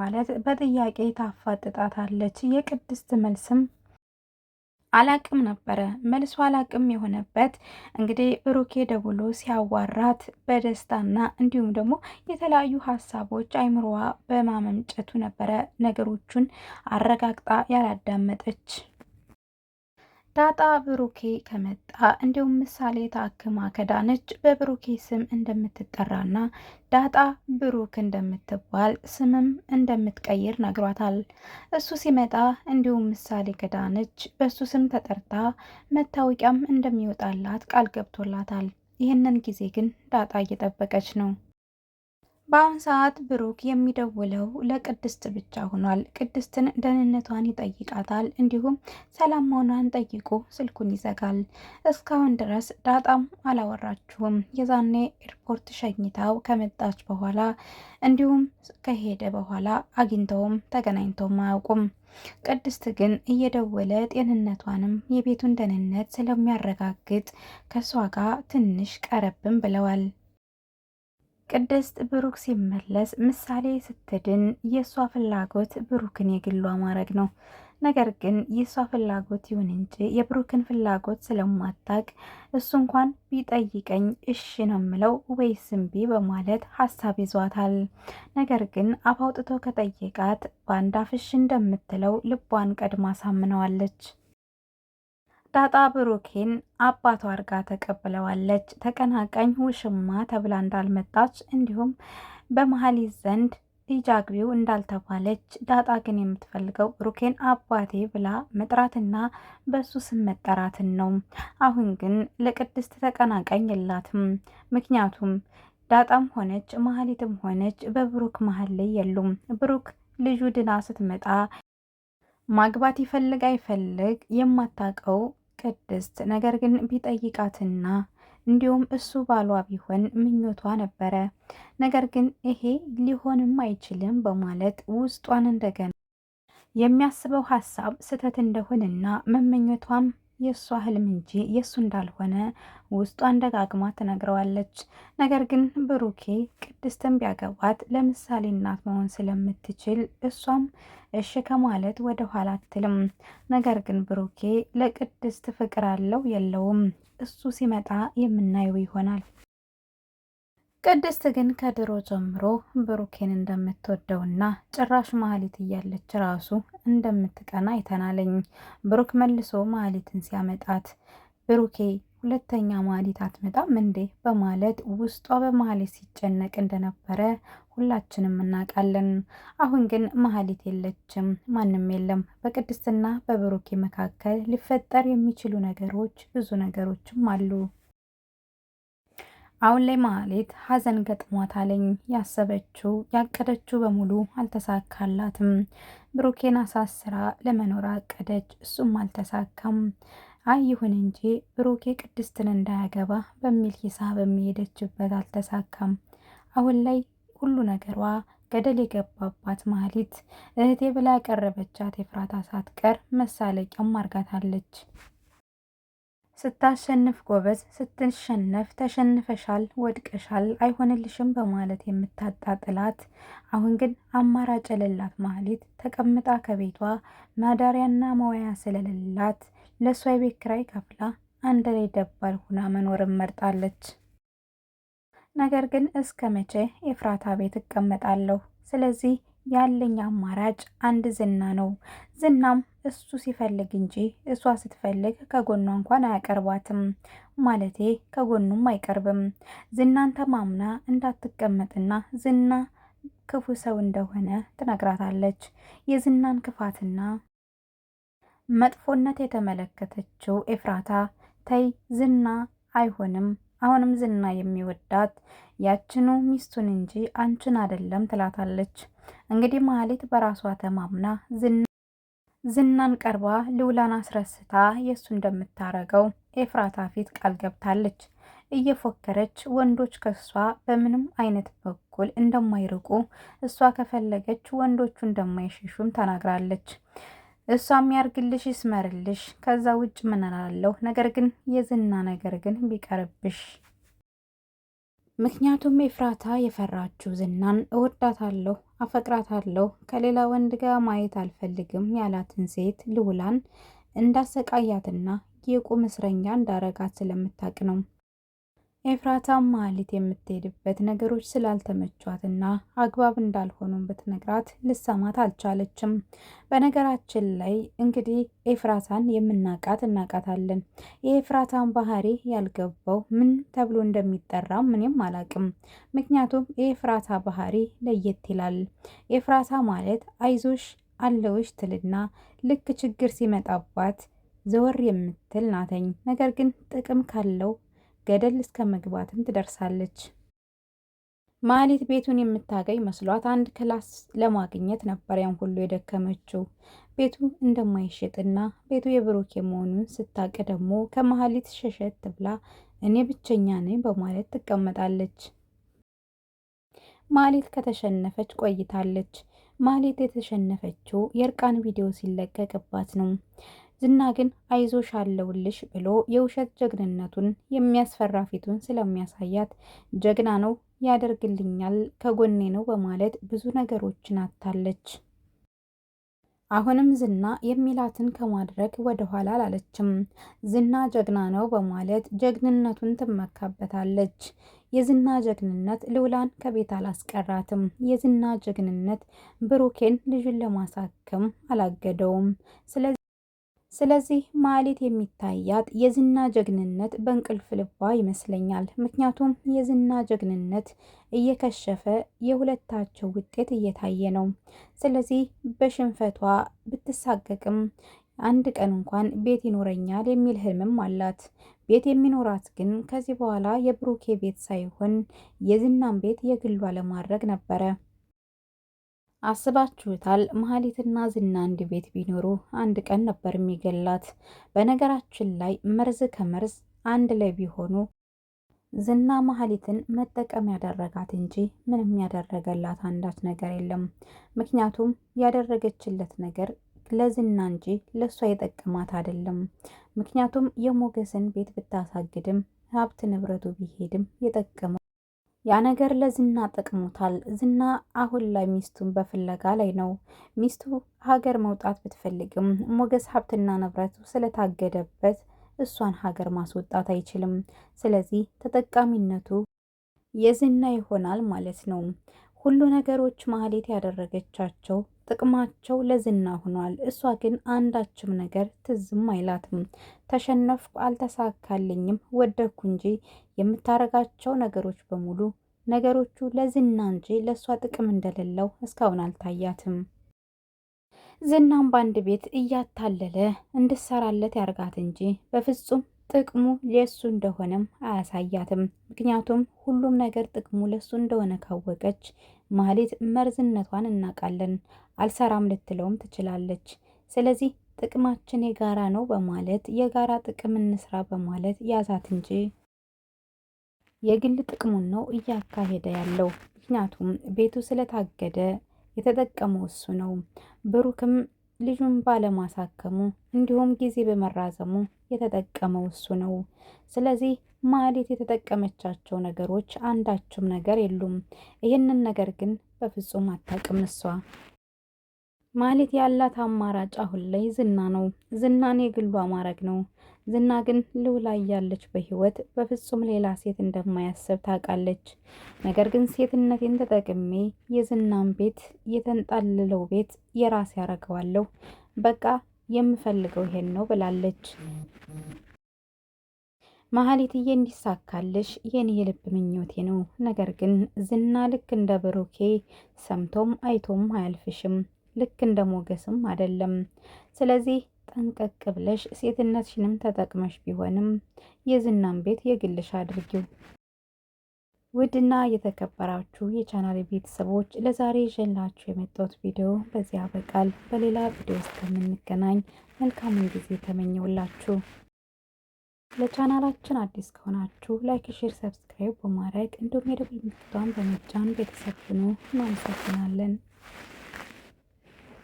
ማለት በጥያቄ ታፋጥጣታለች። የቅድስት መልስም አላቅም ነበረ። መልሱ አላቅም የሆነበት እንግዲህ ብሩኬ ደውሎ ሲያዋራት በደስታና እንዲሁም ደግሞ የተለያዩ ሀሳቦች አይምሮዋ በማመንጨቱ ነበረ ነገሮቹን አረጋግጣ ያላዳመጠች ዳጣ ብሩኬ ከመጣ እንዲሁም ምሳሌ ታክማ ከዳነች በብሩኬ ስም እንደምትጠራና ዳጣ ብሩክ እንደምትባል ስምም እንደምትቀይር ነግሯታል። እሱ ሲመጣ እንዲሁም ምሳሌ ከዳነች በእሱ ስም ተጠርታ መታወቂያም እንደሚወጣላት ቃል ገብቶላታል። ይህንን ጊዜ ግን ዳጣ እየጠበቀች ነው። በአሁን ሰዓት ብሩክ የሚደውለው ለቅድስት ብቻ ሆኗል። ቅድስትን ደህንነቷን ይጠይቃታል፣ እንዲሁም ሰላም መሆኗን ጠይቆ ስልኩን ይዘጋል። እስካሁን ድረስ ዳጣም አላወራችሁም። የዛኔ ኤርፖርት ሸኝታው ከመጣች በኋላ እንዲሁም ከሄደ በኋላ አግኝተውም ተገናኝተውም አያውቁም። ቅድስት ግን እየደወለ ጤንነቷንም የቤቱን ደህንነት ስለሚያረጋግጥ ከእሷ ጋር ትንሽ ቀረብም ብለዋል። ቅድስት ብሩክ ሲመለስ ምሳሌ ስትድን የእሷ ፍላጎት ብሩክን የግሏ ማድረግ ነው። ነገር ግን የእሷ ፍላጎት ይሁን እንጂ የብሩክን ፍላጎት ስለማታቅ እሱ እንኳን ቢጠይቀኝ እሺ ነው የምለው ወይስ እምቢ በማለት ሀሳብ ይዟታል። ነገር ግን አፋውጥቶ ከጠየቃት በአንድ አፍሽ እንደምትለው ልቧን ቀድማ ሳምነዋለች። ዳጣ ብሩኬን አባቷ አድርጋ ተቀብለዋለች። ተቀናቃኝ ውሽማ ተብላ እንዳልመጣች እንዲሁም በመሀሊት ዘንድ ልጅ አግቢው እንዳልተባለች ዳጣ ግን የምትፈልገው ብሩኬን አባቴ ብላ መጥራትና በሱ ስም መጠራትን ነው። አሁን ግን ለቅድስት ተቀናቃኝ የላትም። ምክንያቱም ዳጣም ሆነች መሀሊትም ሆነች በብሩክ መሀል ላይ የሉም። ብሩክ ልጁ ድና ስትመጣ ማግባት ይፈልግ አይፈልግ የማታውቀው ቅድስት ነገር ግን ቢጠይቃትና እንዲሁም እሱ ባሏ ቢሆን ምኞቷ ነበረ። ነገር ግን ይሄ ሊሆንም አይችልም በማለት ውስጧን እንደገና የሚያስበው ሀሳብ ስህተት እንደሆነና መመኘቷም የእሷ ህልም እንጂ የእሱ እንዳልሆነ ውስጧ አንደጋግማ ትነግረዋለች። ነገር ግን ብሩኬ ቅድስትን ቢያገባት ለምሳሌ እናት መሆን ስለምትችል እሷም እሽ ከማለት ወደ ኋላ አትልም። ነገር ግን ብሩኬ ለቅድስት ፍቅር አለው የለውም እሱ ሲመጣ የምናየው ይሆናል። ቅድስት ግን ከድሮ ጀምሮ ብሩኬን እንደምትወደውና ጭራሽ መሀሊት እያለች ራሱ እንደምትቀና አይተናለኝ። ብሩክ መልሶ መሀሊትን ሲያመጣት ብሩኬ ሁለተኛ መሀሊት አትመጣም እንዴ በማለት ውስጧ በመሀሊት ሲጨነቅ እንደነበረ ሁላችንም እናውቃለን። አሁን ግን መሀሊት የለችም፣ ማንም የለም። በቅድስትና በብሩኬ መካከል ሊፈጠር የሚችሉ ነገሮች ብዙ ነገሮችም አሉ። አሁን ላይ ማህሌት ሀዘን ገጥሟታለኝ። ያሰበችው ያቀደችው በሙሉ አልተሳካላትም። ብሩኬን አሳስራ ለመኖር አቀደች፣ እሱም አልተሳካም። አይ ይሁን እንጂ ብሩኬ ቅድስትን እንዳያገባ በሚል ሂሳብ የሚሄደችበት አልተሳካም። አሁን ላይ ሁሉ ነገሯ ገደል የገባባት ማህሌት እህቴ ብላ ያቀረበቻት የፍራታ ሳትቀር መሳለቂያም አርጋታለች። ስታሸንፍ ጎበዝ፣ ስትሸነፍ ተሸንፈሻል፣ ወድቀሻል፣ አይሆንልሽም በማለት የምታጣጥላት አሁን ግን አማራጭ የሌላት ማህሌት ተቀምጣ ከቤቷ ማዳሪያና መዋያ ስለሌላት ለእሷ የቤት ኪራይ ከፍላ አንድ ላይ ደባል ሁና መኖርን መርጣለች። ነገር ግን እስከ መቼ ኤፍራታ ቤት እቀመጣለሁ? ስለዚህ ያለኝ አማራጭ አንድ ዝና ነው። ዝናም እሱ ሲፈልግ እንጂ እሷ ስትፈልግ ከጎኗ እንኳን አያቀርባትም። ማለቴ ከጎኑም አይቀርብም። ዝናን ተማምና እንዳትቀመጥና ዝና ክፉ ሰው እንደሆነ ትነግራታለች። የዝናን ክፋትና መጥፎነት የተመለከተችው ኤፍራታ ተይ ዝና አይሆንም፣ አሁንም ዝና የሚወዳት ያችኑ ሚስቱን እንጂ አንቺን አይደለም ትላታለች። እንግዲህ መሀሌት በራሷ ተማምና ዝናን ቀርባ ልውላን አስረስታ የእሱ እንደምታረገው ኤፍራታ ፊት ቃል ገብታለች። እየፎከረች ወንዶች ከሷ በምንም አይነት በኩል እንደማይርቁ እሷ ከፈለገች ወንዶቹ እንደማይሸሹም ተናግራለች። እሷ የሚያርግልሽ ይስመርልሽ፣ ከዛ ውጭ ምን እላለሁ። ነገር ግን የዝና ነገር ግን ቢቀርብሽ ምክንያቱም ኤፍራታ የፈራችው ዝናን እወዳታለሁ አፈቅራታለሁ ከሌላ ወንድ ጋር ማየት አልፈልግም ያላትን ሴት ልውላን እንዳሰቃያትና የቁም እስረኛ እንዳረጋት ስለምታውቅ ነው። ኤፍራታ ማህሌት የምትሄድበት ነገሮች ስላልተመቿትና አግባብ እንዳልሆኑም ብትነግራት ልሰማት አልቻለችም። በነገራችን ላይ እንግዲህ ኤፍራታን የምናቃት እናቃታለን። የኤፍራታን ባህሪ ያልገባው ምን ተብሎ እንደሚጠራ ምንም አላቅም። ምክንያቱም የኤፍራታ ባህሪ ለየት ይላል። ኤፍራታ ማለት አይዞሽ አለውሽ ትልና ልክ ችግር ሲመጣባት ዘወር የምትል ናተኝ። ነገር ግን ጥቅም ካለው ገደል እስከ መግባትም ትደርሳለች። ማህሌት ቤቱን የምታገኝ መስሏት አንድ ክላስ ለማግኘት ነበር ያን ሁሉ የደከመችው። ቤቱ እንደማይሸጥና ቤቱ የብሩክ መሆኑን ስታውቅ ደግሞ ከማህሌት ሸሸት ብላ እኔ ብቸኛ ነኝ በማለት ትቀመጣለች። ማህሌት ከተሸነፈች ቆይታለች። ማህሌት የተሸነፈችው የእርቃን ቪዲዮ ሲለቀቅባት ነው። ዝና ግን አይዞሽ አለውልሽ ብሎ የውሸት ጀግንነቱን የሚያስፈራ ፊቱን ስለሚያሳያት ጀግና ነው ያደርግልኛል፣ ከጎኔ ነው በማለት ብዙ ነገሮችን አታለች። አሁንም ዝና የሚላትን ከማድረግ ወደኋላ አላለችም። ዝና ጀግና ነው በማለት ጀግንነቱን ትመካበታለች። የዝና ጀግንነት ልውላን ከቤት አላስቀራትም። የዝና ጀግንነት ብሩኬን ልጅን ለማሳከም አላገደውም። ስለዚህ ስለዚህ ማህሌት የሚታያት የዝና ጀግንነት በእንቅልፍ ልቧ ይመስለኛል። ምክንያቱም የዝና ጀግንነት እየከሸፈ የሁለታቸው ውጤት እየታየ ነው። ስለዚህ በሽንፈቷ ብትሳቀቅም አንድ ቀን እንኳን ቤት ይኖረኛል የሚል ህልምም አላት። ቤት የሚኖራት ግን ከዚህ በኋላ የብሩኬ ቤት ሳይሆን የዝናን ቤት የግሏ ለማድረግ ነበረ። አስባችሁታል? መሀሊትና ዝና አንድ ቤት ቢኖሩ አንድ ቀን ነበር የሚገላት። በነገራችን ላይ መርዝ ከመርዝ አንድ ላይ ቢሆኑ ዝና መሀሊትን መጠቀም ያደረጋት እንጂ ምንም ያደረገላት አንዳች ነገር የለም። ምክንያቱም ያደረገችለት ነገር ለዝና እንጂ ለእሷ የጠቀማት አይደለም። ምክንያቱም የሞገስን ቤት ብታሳግድም ሀብት ንብረቱ ቢሄድም የጠቀመው ያ ነገር ለዝና ጠቅሞታል። ዝና አሁን ላይ ሚስቱን በፍለጋ ላይ ነው። ሚስቱ ሀገር መውጣት ብትፈልግም ሞገስ ሀብትና ንብረቱ ስለታገደበት እሷን ሀገር ማስወጣት አይችልም። ስለዚህ ተጠቃሚነቱ የዝና ይሆናል ማለት ነው። ሁሉ ነገሮች ማህሌት ያደረገቻቸው ጥቅማቸው ለዝና ሆኗል። እሷ ግን አንዳችም ነገር ትዝም አይላትም። ተሸነፍኩ፣ አልተሳካልኝም፣ ወደኩ እንጂ የምታረጋቸው ነገሮች በሙሉ ነገሮቹ ለዝና እንጂ ለእሷ ጥቅም እንደሌለው እስካሁን አልታያትም። ዝናም በአንድ ቤት እያታለለ እንድሰራለት ያርጋት እንጂ በፍጹም ጥቅሙ ለሱ እንደሆነም አያሳያትም። ምክንያቱም ሁሉም ነገር ጥቅሙ ለሱ እንደሆነ ካወቀች ማህሌት መርዝነቷን እናውቃለን፣ አልሰራም ልትለውም ትችላለች። ስለዚህ ጥቅማችን የጋራ ነው በማለት የጋራ ጥቅም እንስራ በማለት ያዛት እንጂ የግል ጥቅሙን ነው እያካሄደ ያለው። ምክንያቱም ቤቱ ስለታገደ የተጠቀመው እሱ ነው። ብሩክም ልጁን ባለማሳከሙ እንዲሁም ጊዜ በመራዘሙ የተጠቀመው እሱ ነው። ስለዚህ ማህሌት የተጠቀመቻቸው ነገሮች አንዳችም ነገር የሉም። ይህንን ነገር ግን በፍጹም አታውቅም እሷ። ማህሌት ያላት አማራጭ አሁን ላይ ዝና ነው። ዝናን የግሏ ማድረግ ነው። ዝና ግን ልውላ እያለች በህይወት በፍጹም ሌላ ሴት እንደማያስብ ታውቃለች። ነገር ግን ሴትነቴን ተጠቅሜ የዝናን ቤት የተንጣለለው ቤት የራሴ ያረገዋለሁ፣ በቃ የምፈልገው ይሄን ነው ብላለች። መሀሊትዬ እንዲሳካልሽ የኔ የልብ ምኞቴ ነው። ነገር ግን ዝና ልክ እንደ ብሩኬ ሰምቶም አይቶም አያልፍሽም፣ ልክ እንደ ሞገስም አይደለም። ስለዚህ ጠንቀቅ ብለሽ ሴትነትሽንም ተጠቅመሽ ቢሆንም የዝናን ቤት የግልሽ አድርጊው። ውድና የተከበራችሁ የቻናል ቤተሰቦች ለዛሬ ይዤላችሁ የመጣሁት ቪዲዮ በዚህ ያበቃል። በሌላ ቪዲዮ እስከምንገናኝ መልካምን ጊዜ ተመኘውላችሁ። ለቻናላችን አዲስ ከሆናችሁ ላይክ፣ ሼር፣ ሰብስክራይብ በማድረግ እንዲሁም የደወል ምልክቷን በመጫን ቤተሰብ ሁኑ። እናመሰግናለን።